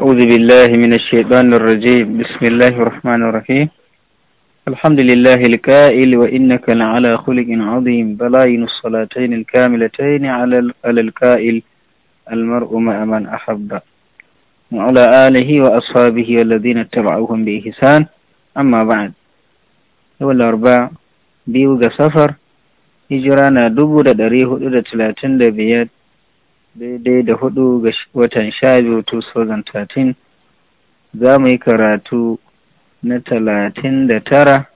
أعوذ بالله من الشيطان الرجيم بسم الله الرحمن الرحيم الحمد لله الكائل وإنك لعلى خلق عظيم بلاين الصلاتين الكاملتين على على الكائل المرء ما من أحب وعلى آله وأصحابه والذين اتبعوهم بإحسان أما بعد هو الأربع بيوغ سفر إجرانا دبودة دريه dubu تلاتين دبيات daidai da hudu ga watan sha biyu 2013 za mu yi karatu na talatin da tara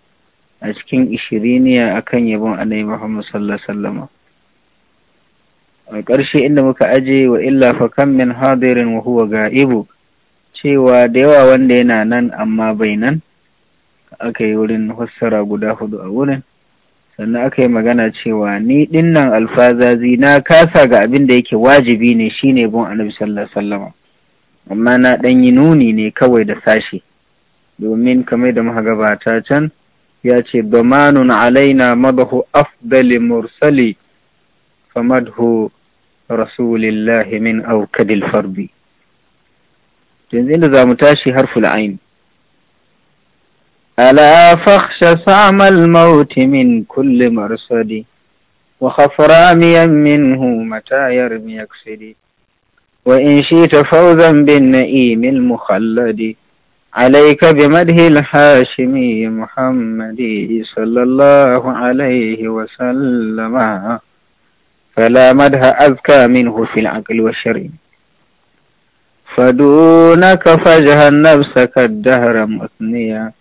a cikin ishiriniya akan yabon annabi Muhammad sallallahu alaihi a ƙarshe inda muka aje wa illa fa kan min hadirin wa huwa ga'ibu cewa da yawa wanda yana nan amma bai nan aka yi wurin fassara guda hudu a wurin sannan aka yi magana cewa ni dinnan alfazazi na kasa ga abin da yake wajibi ne shine bin annabi sallallahu alaihi amma na dan yi nuni ne kawai da sashi domin kamar da muka gabata can ya ce damanun alaina mabahu afdali mursali famadhu rasulillahi min aukadil farbi yanzu inda za mu tashi harful ain ألا فخش سعم الموت من كل مرصد وخف راميا منه متى يرمي يكسد وإن شئت فوزا بالنئيم المخلد عليك بمده الحاشمي محمد صلى الله عليه وسلم فلا مده أذكى منه في العقل والشر فدونك فجه النفس كالدهر مثنيا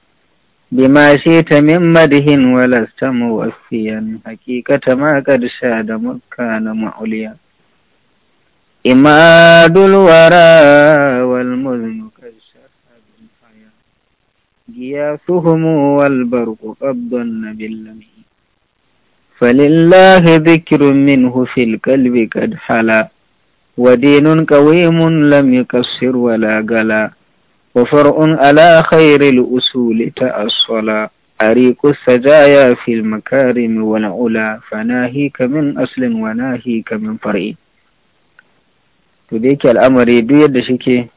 بما شئت من مده ولست موفيا حقيقة ما قد شاد مكان معليا إماد الورى والمذن كالشهد الحياة قياسهم والبرق قبض باللمع فلله ذكر منه في القلب قد حلا ودين قويم لم يكسر ولا قلا وفرع على خير الأصول تأصلا أريق السجايا في المكارم والعلا فناهيك من أصل وناهيك من فرع to الأمر yake al'amari duk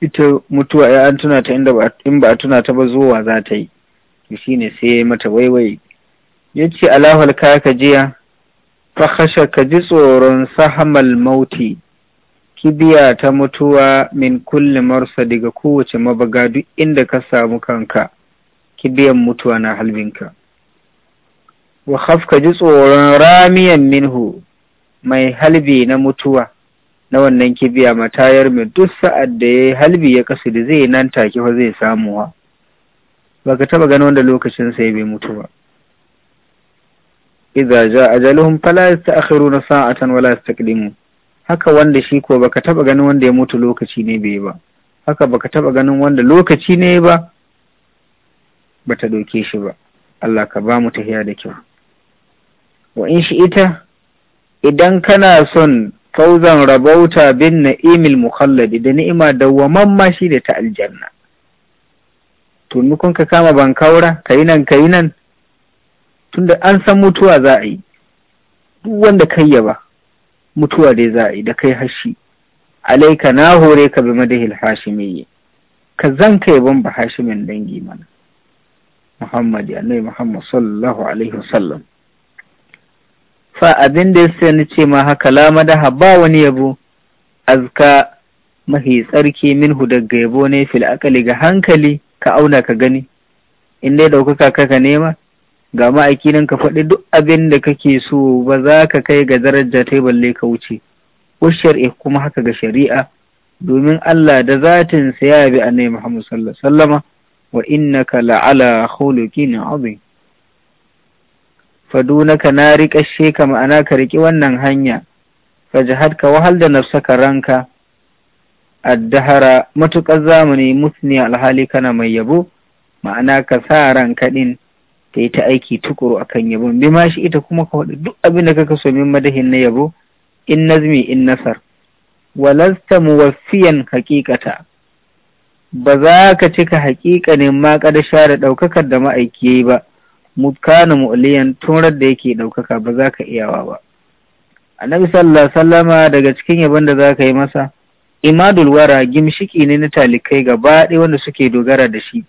ita mutuwa ya an tuna ta inda in ba tuna ta ba zuwa za ta yi shi ne sai ya mata waiwai ya ce alahul kaka jiya fa ka ji tsoron sahamal mauti kibiya ta mutuwa min kulli marsa daga kowace mabaga duk inda ka samu kanka kibiyan mutuwa na halbinka wa hafka ji tsoron ramiyan minhu mai halbi na mutuwa na wannan kibiya matayar mai duk sa'ad da ya halbi ya kasu da zai nan take fa zai samuwa ba ka taba gani wanda lokacin sai bai mutu ba idza ja ajaluhum fala yasta'khiruna sa'atan wala yastaqdimun haka wanda shi ko baka taba ganin wanda ya mutu lokaci ne bai ba haka baka taba ganin wanda lokaci ne ba bata doke shi ba Allah ka ba mu tahiya da kyau wa in shi ita idan kana son kauzan rabauta bin na'imil mukhalladi da ni'ima ma shi da ta aljanna to ka kama ban bankaura kai nan kai nan tunda an san mutuwa za a yi duk wanda kai ya ba mutuwa dai za a yi da kai hashi alaika na hore ka bi madahil hashimiyyi ka zan kai ban ba hashimin dangi mana muhammad ya nai muhammad sallallahu alaihi wasallam fa abin da sai ni ce ma haka la madaha ba wani yabo azka mahi tsarki minhu daga yabo ne fil akali ga hankali ka auna ka gani in dai ɗaukaka ka nema ga ma'aiki nan ka faɗi duk abin da kake so ba za ka kai ga daraja ta balle ka wuce washar'i kuma haka ga shari'a domin Allah da zatin sa ya bi annabi Muhammad sallallahu alaihi wasallama wa innaka la'ala khuluqin azim dunaka na she ka ma'ana ka riki wannan hanya fajahad ka wahal da nafsaka ranka addahara matuƙar zamani musni alhali kana mai yabo ma'ana ka sa ran kaɗin ta yi ta aiki tukuru kan yabon bi ma shi ita kuma ka faɗi duk abin da kaka so min madahin na yabo in nazmi in nasar walasta muwaffiyan haƙiƙata ba za ka cika ne ma kada share ɗaukakar da ma'aiki yayi ba mutkana mu'liyan tunar da yake ɗaukaka ba za ka iyawa ba annabi sallallahu sallama daga cikin yabon da za ka yi masa imadul wara gimshiki ne na talikai gaba ɗaya wanda suke dogara da shi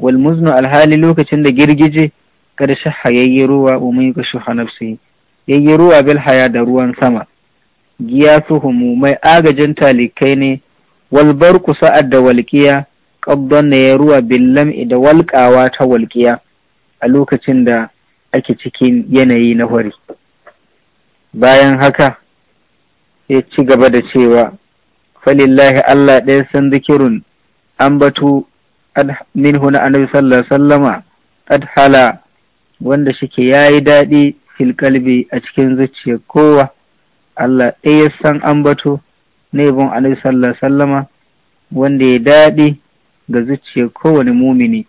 wal alhali lokacin da girgije kada shahha ruwa umai ga shuha nafsi yayyi ruwa bil haya da ruwan sama giya su mai agajin talikai ne wal barku sa'ad da walƙiya ƙabban na ya ruwa billam da walƙawa ta walƙiya a lokacin da ake cikin yanayi na hori bayan haka ya ci gaba da cewa falillahi Allah ɗaya san zikirun an batu minhu an annabi sallallahu sallama adhala wanda shike yayi daɗi fil kalbi a cikin zuciya kowa Allah ɗaya san ambato na yabon annabi sallallahu sallama wanda ya daɗi ga zuciya kowane mumini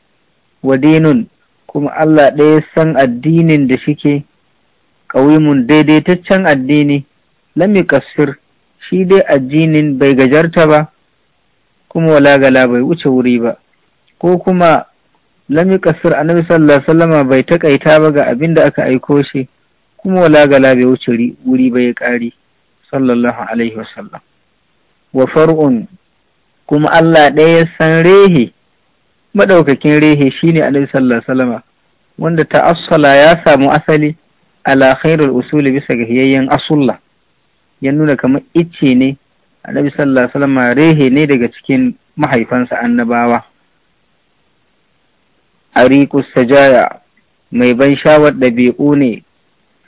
wa dinun kuma Allah ɗaya san addinin da shike ƙawimun daidaitaccen addini lami kasir shi dai addinin bai gajarta ba kuma wala gala bai wuce wuri ba ko kuma lam yuqassir annabi sallallahu alaihi wasallama bai takaita ba ga abin da aka aiko shi kuma wala gala bai wuce wuri bai ya ƙari sallallahu alaihi wasallam wa far'un kuma Allah ɗaya san rehe madaukakin rehe shine annabi sallallahu alaihi wasallama wanda ta'assala ya samu asali ala khairul usul bisa ga hiyayyen asulla ya nuna kamar icce ne annabi sallallahu alaihi wasallama rehe ne daga cikin mahaifansa annabawa ariku sajaya mai ban shawar ɗabi'u ne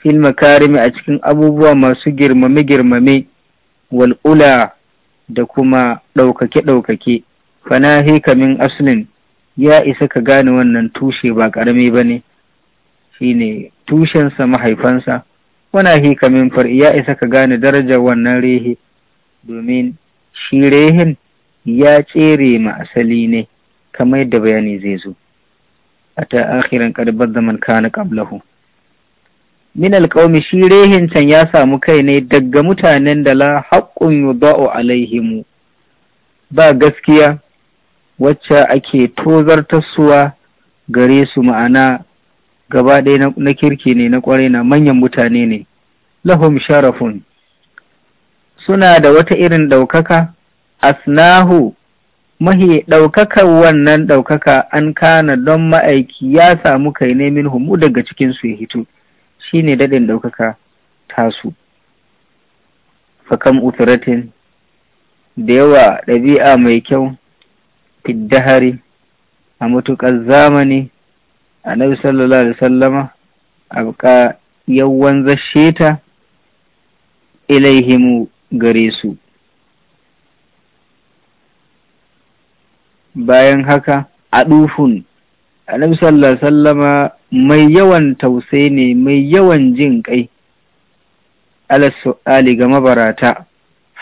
fil makarimi a cikin abubuwa masu girmame-girmame wal'ula da kuma ɗaukake-ɗaukake fanahi kamin aslin ya isa ka gane wannan tushe ba ƙarami ba ne shi ne tushensa mahaifansa wanahi kamin far'i ya isa ka gane darajar wannan rehe domin shi rehin ya tsere ma asali ne kamar yadda bayani zai zo ata akhiran karbar zaman kana كان min alƙaumi shi rehin can ya samu kai ne daga mutanen da la haƙƙun yudau alaihimu ba gaskiya wacce ake tozartarsuwa gare su ma'ana gaba ɗaya na kirki ne na ƙwarai na manyan mutane ne lahum sharafun suna da wata irin ɗaukaka asnahu mahi ɗaukakar wannan ɗaukaka an kana don ma'aiki ya samu kai ne min humu daga cikinsu ya hito shi ne daɗin ɗaukaka tasu fakam uturatin da yawa ɗabi'a mai kyau fiddahari a matuƙar zamani a annabi sallallahu alaihi sallama abka yawan zasheta ilaihimu gare su bayan haka adufun annabi sallallahu sallama mai yawan tausayi ne mai yawan jin kai ala su'ali ga mabarata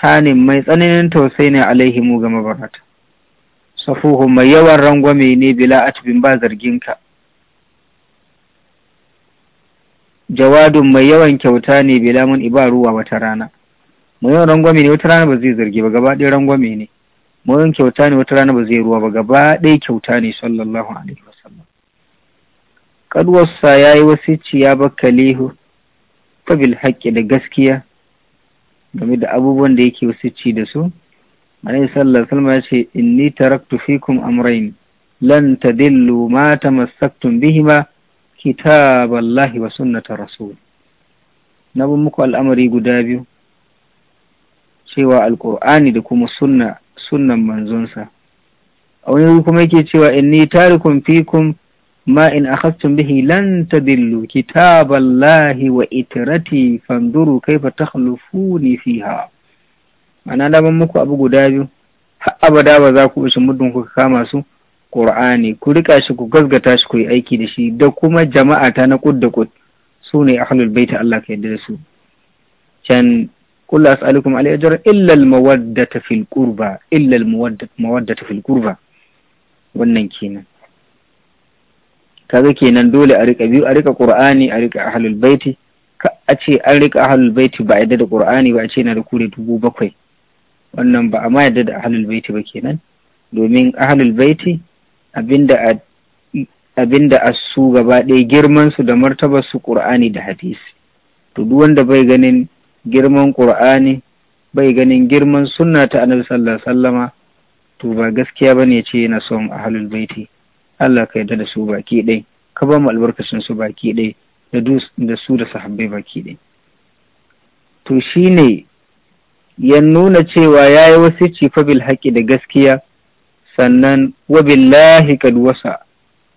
hanin mai tsananin tausayi ne alaihimu ga mabarata safuhu mai yawan rangwame ne bila atbin ba zarginka jawadun mai yawan kyauta ne bila mun ibaruwa wata rana mai yawan rangwame ne wata rana ba zai zargi ba gaba ɗaya rangwame ne mun kyauta ne wata rana ba zai ruwa ba gaba ɗaya kyauta ne sallallahu alaihi wasallam kadwarsa ya yi wasici ya bar kalihu ta bil haƙƙi da gaskiya game da abubuwan da yake ci da su alaihi sallallahu alaihi ya ce inni taraktu fikum amrayn lan tadillu ma tamassaktum bihima kitaballahi wa sunnatar rasul na bin muku al'amari guda biyu cewa alƙur'ani da kuma sunna sunnan manzonsa a wani kuma yake cewa inni tarikum fikum ma in akhadtum bihi lan tadillu kitaballahi wa itrati fanduru kaifa takhlufuni fiha ana da ban muku abu guda biyu har abada ba za ku ishi muddin ku kama su qur'ani ku rika shi ku gasgata shi ku yi aiki da shi da kuma jama'a ta na kud da kud su ne ahlul baiti Allah ka yarda da su can kullu as'alukum alayhi ajran illa al-mawaddata fil qurba illa al-mawaddata fil qurba wannan kenan kaga kenan dole a rika biyu a rika qur'ani a rika ahlul baiti ka a ce an rika ahlul baiti ba yadda da qur'ani ba a ce na da kure dubu bakwai wannan ba a ma yadda da ahlul baiti ba kenan domin ahlul baiti abinda a abinda a su gaba ɗaya girman su da martabar su qur'ani da hadisi to duk wanda bai ganin girman ƙur'ani bai ganin girman sunna ta annabi sallallahu alaihi wasallama to ba gaskiya bane ce yana son ahlul baiti Allah ka yarda da su baki ɗai ka ba mu albarkacin su baki ɗai da su da sahabbai baki ɗai to shine ya nuna cewa yayi yi wasu cifa bil haƙi da gaskiya sannan wa billahi kad wasa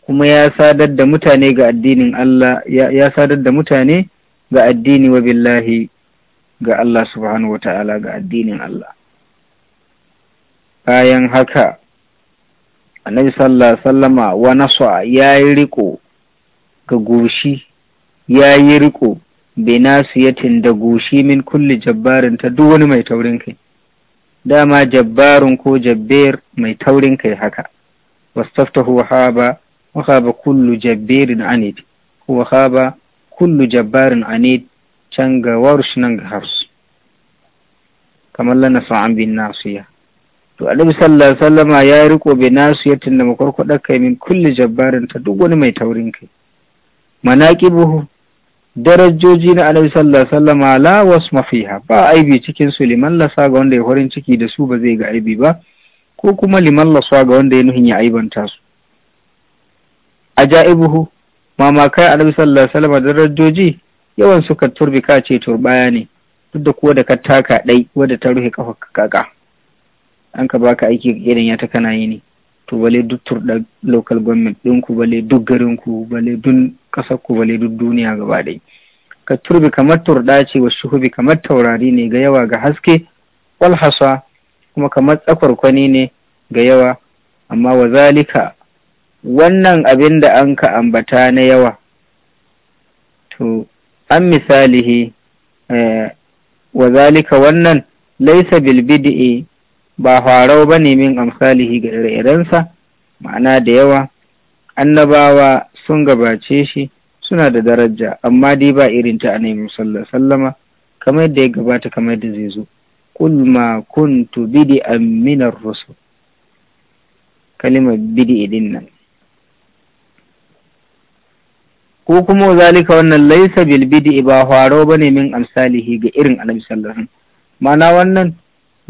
kuma ya sadar da mutane ga addinin Allah ya sadar da mutane ga addini wa billahi ga Allah subhanahu wa ta'ala ga addinin Allah. Bayan haka, Annabi sallallahu sallama wa naswa ya yi riko ga goshi, ya yi riko binasiyatin da goshi min kulli jabbarin ta duk wani mai taurin kai. Dama jabbarin ko jabber mai taurin kai haka, wastaftahu haba, wa haba kullu jabberin anid, wa haba kullu jabbarin anid canga warus nan ga harsu kamar lana an bin nasiya to annabi sallallahu alaihi wasallama ya riko bi nasiyatin da makwarkwada kai min kulli jabbarin ta duk wani mai taurin kai manaqibuhu darajoji na annabi sallallahu alaihi wasallama la wasma ba aibi cikin su liman lasa ga wanda ya horin ciki da su ba zai ga aibi ba ko kuma liman lasa ga wanda ya nuhin ya aibanta su ajaibuhu mamakai annabi sallallahu alaihi wasallama darajoji yawan suka turbi ka ce turbaya ne duk da kuwa da ka taka ɗai wadda ta rufe kafa kaka an ka baka aiki irin ya ta kana yi ne to bale duk turɗa local government ɗinku bale duk garinku bale duk ƙasarku bale duk duniya gaba ɗai ka turbi kamar turɗa ce wa shuhubi kamar taurari ne ga yawa ga haske walhasa kuma kamar tsakwar kwani ne ga yawa amma wa zalika wannan abin da an ka ambata na yawa to an misalihi eh, wa zalika wannan laisa bid'i ba harau ba ne min amsalihi ga ire-irensa ma'ana da yawa annabawa sun gabace shi suna da daraja amma dai ba irin ta annabi sallallahu sallama kamar yadda ya gabata kamar da zai zo kul ma kuntu bid'an min ar-rusul kalimar bid'i dinnan ko kuma zalika wannan laisa bil bid'i ba faro bane min amsalihi ga irin annabi sallallahu alaihi ma'ana wannan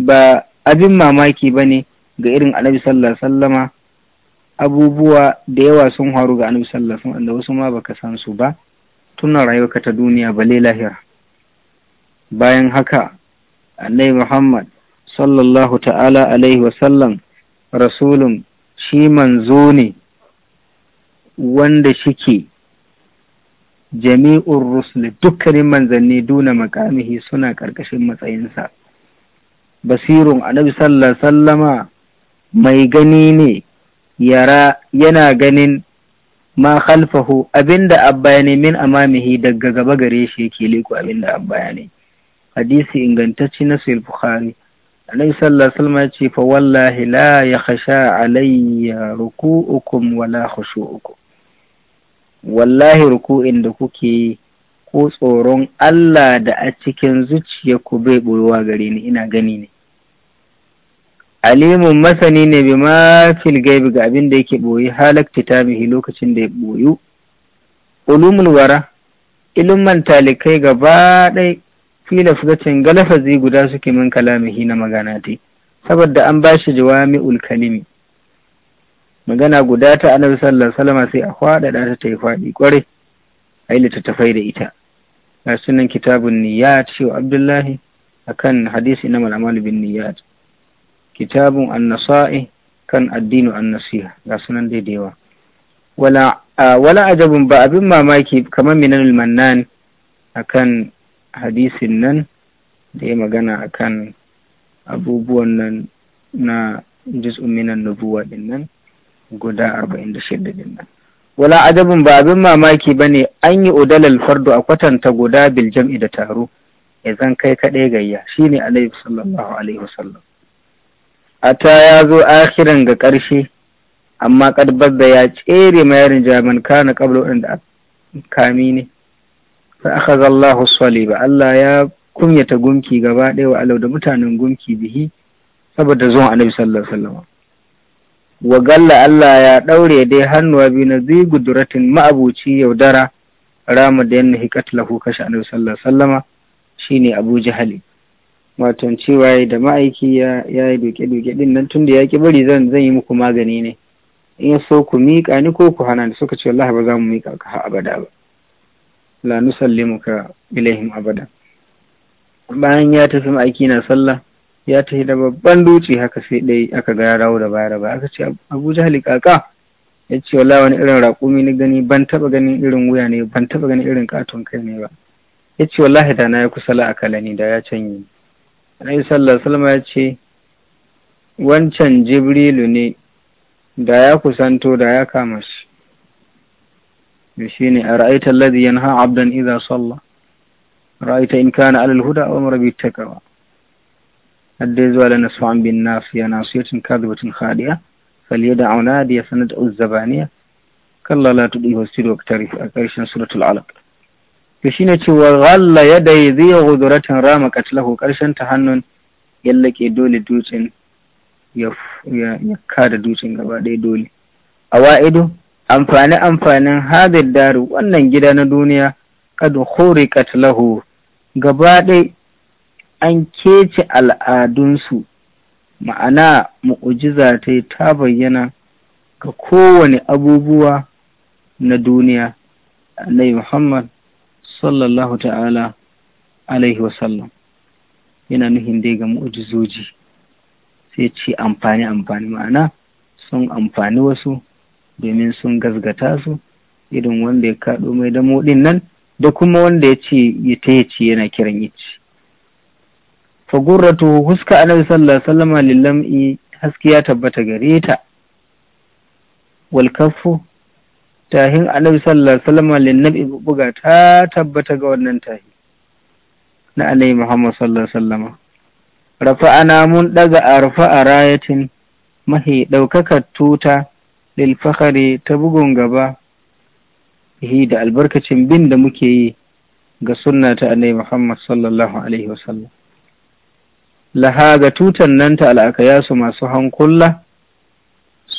ba abin mamaki bane ga irin annabi sallallahu alaihi wasallama abubuwa da yawa sun faru ga annabi sallallahu alaihi wasallam wasu ma baka san su ba tunan rayuwarka ta duniya ba, lahira bayan haka annabi Muhammad sallallahu ta'ala alaihi wasallam rasulun shi manzo ne wanda shike jami'ur rusul dukkanin manzanni duna makamihi suna ƙarƙashin matsayinsa basirun annabi sallallahu sallama mai gani ne yara yana ganin ma khalfahu abinda abba ne min amamihi daga gaba gare shi yake liku abinda abba ne hadisi ingantacci na sahih bukhari annabi sallallahu alaihi ce fa wallahi la yakhsha alayya ruku'ukum wala khushu'ukum wallahi ruku'in da kuke yi ko tsoron Allah da a cikin ku bai ɓoyuwa gare ni ina gani ne alimun masani ne bi ma fil gaibi ga abin da yake boyi halak ta lokacin da ya ɓoyu ulumul wara ilimin talikai gaba ɗai fila fugacin galafazi guda suke min kalamihi na magana te saboda an bashi jawami'ul kalimi magana guda ta annabi sallallahu alaihi sai a faɗaɗa ta ta yi faɗi kwarai. ai littattafai da ita a sunan kitabun niyyat shi abdullahi akan hadisi na malamal bin niyyat kitabun an-nasa'i kan addinu an-nasiha ga sunan dai da wala wala ajabun ba abin mamaki kamar minanul mannan akan hadisin nan da ya magana akan abubuwan nan na juz'un minan nubuwa din nan guda arba'in da shida din nan wala adabin ba abin mamaki ba ne an yi udalal fardu a kwatanta guda bil da taro ya zan kai kaɗai gayya shine alaihi sallallahu alaihi wasallam ta ya zo akhiran ga ƙarshe amma kadbar da ya tsere mayarin jaman kana ƙabla waɗanda kami ne fa akhadha Allahu saliba Allah ya kunyata gunki gaba ɗaya wa alau da mutanen gunki bihi saboda zuwan Annabi sallallahu alaihi wasallam wa galla Allah ya ɗaure dai hannuwa biyu na zai guduratin ma'abuci yaudara rama da yanna hikat lahu kashe annabi sallallahu sallama shine Abu hali. wato cewa da ma'aiki ya yi doke-doke din nan tunda ya ki bari zan zan yi muku magani ne in so ku miƙa ni ko ku hana ni suka ce wallahi ba za mu miƙa ka abada ba la nusallimuka ilaihim abada bayan ya tafi ma'aiki na sallah ya tafi da babban dutse haka sai dai aka ga rawo da baya ba aka ce abu jahali kaka ya ce wala wani irin raƙumi na gani ban taɓa ganin irin wuya ne ban taɓa ganin irin katon kai ne ba ya ce wallahi da na ya kusa la'akala ni da ya canyi annabi sallallahu alaihi Salma ya ce wancan jibrilu ne da ya kusanto da ya kama shi da shi ne a ra'aita alladhi yanha abdan idza salla ra'aita in kana alal huda aw amara bit taqwa الدي زوال نسوعا بالناصية ناصية كاذبة خادئة فليدع نادية فندع الزبانية كلا لا تدعيه السير واقترف أكرشن سورة العلق to shine cewa ghalla ya dai zai guduratin rama katlahu karshen ta hannun yallake dole dutsen ya kada dutsen gaba dole a wa'idu, amfani amfanin hadar daru wannan gida na duniya kad hori katlahu gaba ɗaya an kece al'adunsu ma'ana mu'ujiza ta ta bayyana ga kowane abubuwa na duniya annabi muhammad sallallahu ta'ala alaihi wasallam yana nuhin dai ga mu'ujizoji sai ce amfani amfani ma'ana sun amfani wasu domin sun gazgata su irin wanda ya kaɗo mai damo ɗin nan da kuma wanda ya ce ya ta yana kiran yace. fa huska annabi sallallahu alaihi wasallama lillam'i haske ya tabbata gare ta wal kaffu tahin annabi sallallahu alaihi wasallama linnabi buga ta tabbata ga wannan tahi na annabi Muhammad sallallahu alaihi wasallam rafa'ana mun daga arfa'a rayatin mahi daukakar tuta lil fakhari ta bugun gaba bihi da albarkacin bin da muke yi ga sunna ta annabi Muhammad sallallahu alaihi wasallam Lahaga tutan nan ta su masu hankula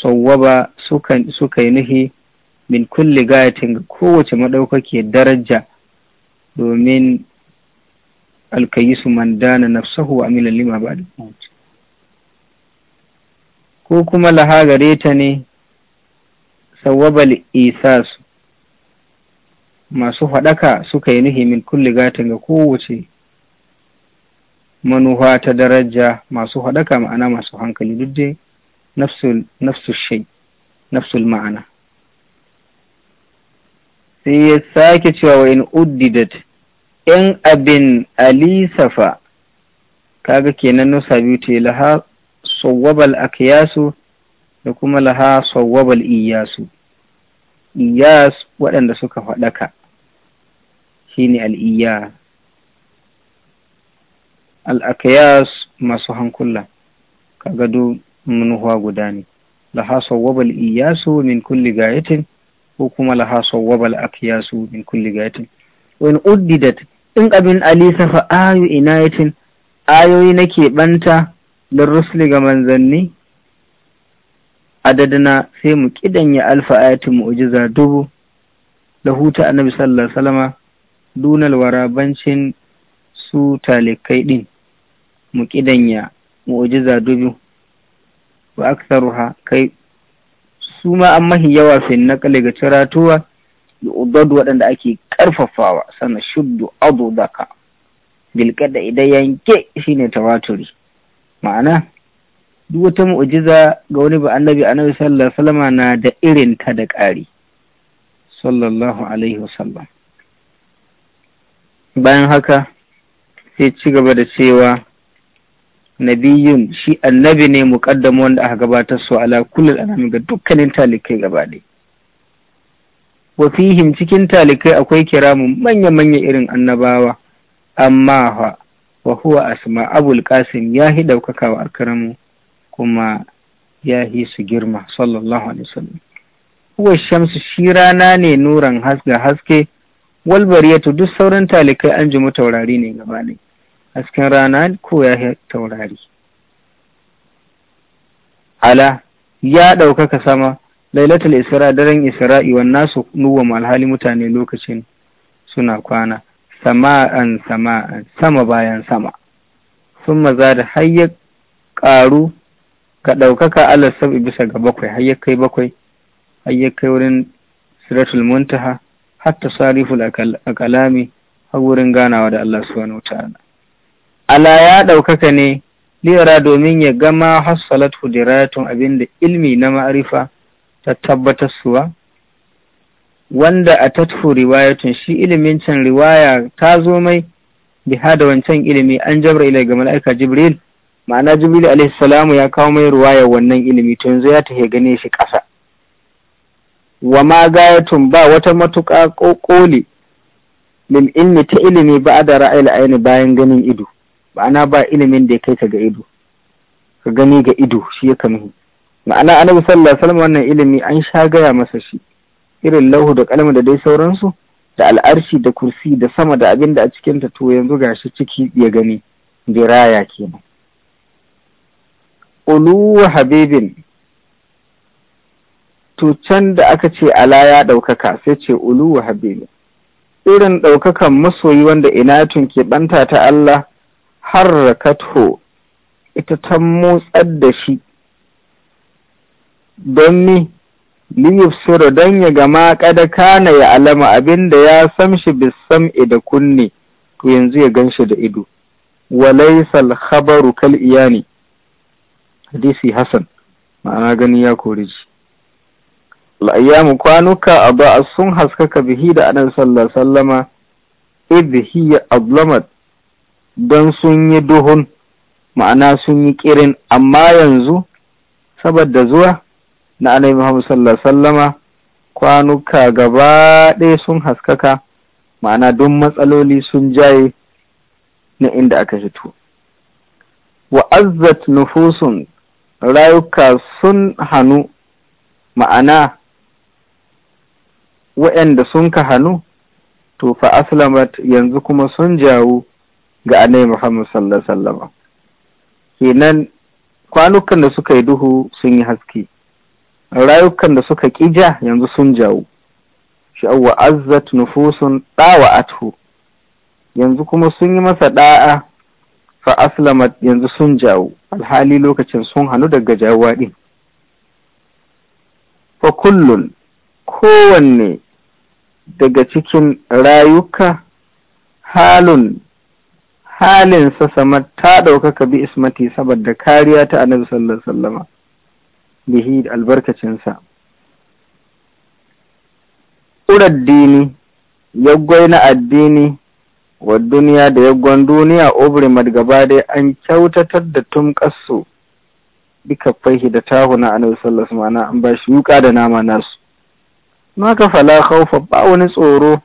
sawwaba suka yi nuhi min kulli gayatin ga kowace maɗaukake daraja domin alkayisu mandana na nafsahu wa amila lima ba ko kuma laha ta ne sawwabal isasu masu haɗaka suka yi nuhi min kulli gatin ga kowace manuwa ta daraja masu haɗaka ma'ana masu hankali duk dai nafsul shai nafsul ma'ana sai ya sake cewa wa in uddidat in abin alisafa kaga kenan nusa biyu ta laha sawwabal akyasu da kuma laha sawwabal iyasu iyas waɗanda suka faɗaka shine al-iyas al'akayas masu hankula ka gado manuwa guda ne laha wabal iyasu min kulli gayatin ko kuma laha wabal akiyasu min kulli gayatin wani uddidat in abin ina ayu inayatin ayoyi na keɓanta don rusli ga manzanni adadina sai mu kidanya alfa ayatin mu'jiza dubu da huta annabi sallallahu alaihi wasallama dunal warabancin su talikai din mu kidanya mu'jiza dubu wa aktsaruha kai su ma an mahi yawa fin naqali ga ciratuwa da udad waɗanda ake ƙarfafawa sana shuddu adudaka bilkada idan yanke shine tawaturi ma'ana duk wata mu'ujiza ga wani ba annabi annabi sallallahu alaihi wasallam na da irin ta da ƙari sallallahu alaihi wasallam bayan haka sai ci gaba da cewa nabiyin shi annabi ne muqaddamu wanda aka gabatar su ala kullil anami ga dukkanin talikai gaba ɗaya wa fihim cikin talikai akwai kiramun manya-manya irin annabawa amma fa wa huwa asma abul qasim ya hi daukaka wa akramu kuma ya hi su girma sallallahu alaihi wasallam huwa shamsu shi rana ne nuran hasga haske walbariyatu duk sauran talikai an ji taurari ne gaba ne hasken rana ko ya taurari ala ya ɗaukaka sama lailatul isra daren isra'i wannan su nuwa alhali mutane lokacin suna kwana sama'an sama'an sama bayan sama sun maza da hayya ƙaru ka ɗaukaka ala sab'i bisa ga bakwai hayya kai bakwai hayya kai wurin siratul muntaha hatta a akalami har wurin ganawa da Allah subhanahu wa ta'ala ala ya ɗaukaka ne Lera, domin ya gama hassalat hudiratun abinda ilmi na ma'arifa ta tabbatar suwa wanda a tatfu riwayatun shi ilimin can riwaya ta zo mai biha da wancan ilimi an jabra ila ga mala'ika jibril ma'ana jibril alaihi salamu ya kawo mai riwaya wannan ilimi to yanzu ya tahe gane shi ƙasa wa ma gayatun ba wata matuƙa ƙoƙoli min ilmi ta ilimi ba da ra'ayi aini bayan ganin ido ma'ana ba ilimin da ya kai ka ga ido ka gani ga ido shi ya kama ma'ana annabi sallallahu alaihi wasallam wannan ilimi an sha gaya masa shi irin lauhu da kalma da dai sauransu da al'arshi da kursi da sama da abin da a cikin ta to yanzu gashi ciki ya gani diraya kenan ulu habibin to can da aka ce ala ya ɗaukaka sai ce ulu habibin irin ɗaukakan masoyi wanda inatun ke ɓanta ta Allah harrakathu ita ta motsar da shi don ni, liyuf sura don ya gama kada kana ya alama abin da ya san shi bisam'i da kunne to yanzu ya gan shi da ido walaisal khabaru kal iyani hadisi hasan ma'ana gani ya kori ji al'ayyamu kwanuka a sun haskaka bihi da anan sallallahu wasallama idh hiya ablamat don sun yi duhun ma'ana sun yi kirin amma yanzu saboda zuwa na anayi muhammadu sallallahu sallama kwanuka gaba ɗaya sun haskaka ma'ana don matsaloli sun jaye na inda aka fito wa azzat nufusun rayuka sun hannu ma'ana waɗanda sun ka hannu to fa aslamat yanzu kuma sun jawo ga annabi Muhammad sallallahu alaihi wasallam kenan kwanukan da suka yi duhu sun yi haske rayukan da suka kija yanzu sun jawo sha'awa azzat nufusun athu yanzu kuma sun yi masa da'a fa aslamat yanzu sun jawo alhali lokacin sun hannu daga jawuwa din fa kullun kowanne daga cikin rayuka halun sa samar ta ɗaukaka bi ismati saboda kariya ta annabi sallallahu alaihi wasallama bihi albarkacinsa dini yaggwai na addini wa duniya da yaggon duniya obrimat gaba dai an kyautatar da tumƙasu duka fahi da na annabi sallallahu alaihi an ba shi yuka da nama nasu maka fala khawfa ba wani tsoro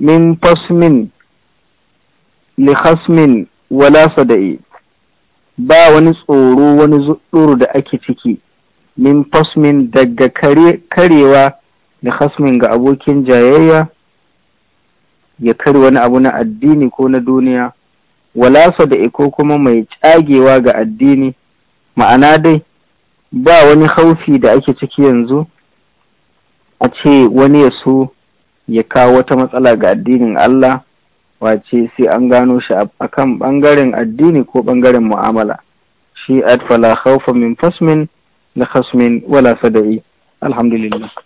min fasmin lihasmin wala sada'i ba wani tsoro wani zuɗuru da ake ciki min fasmin daga karewa lihasmin ga abokin jayayya ya kare wani abu na addini ko na duniya wala sada'i ko kuma mai cagewa ga addini ma'ana dai ba wani haufi da ake ciki yanzu a ce wani ya so ya kawo wata matsala ga addinin Allah wace sai an gano shi a kan ɓangaren addini ko ɓangaren mu'amala shi adfala khawfa min fasmin na khasmin wala sada'i alhamdulillah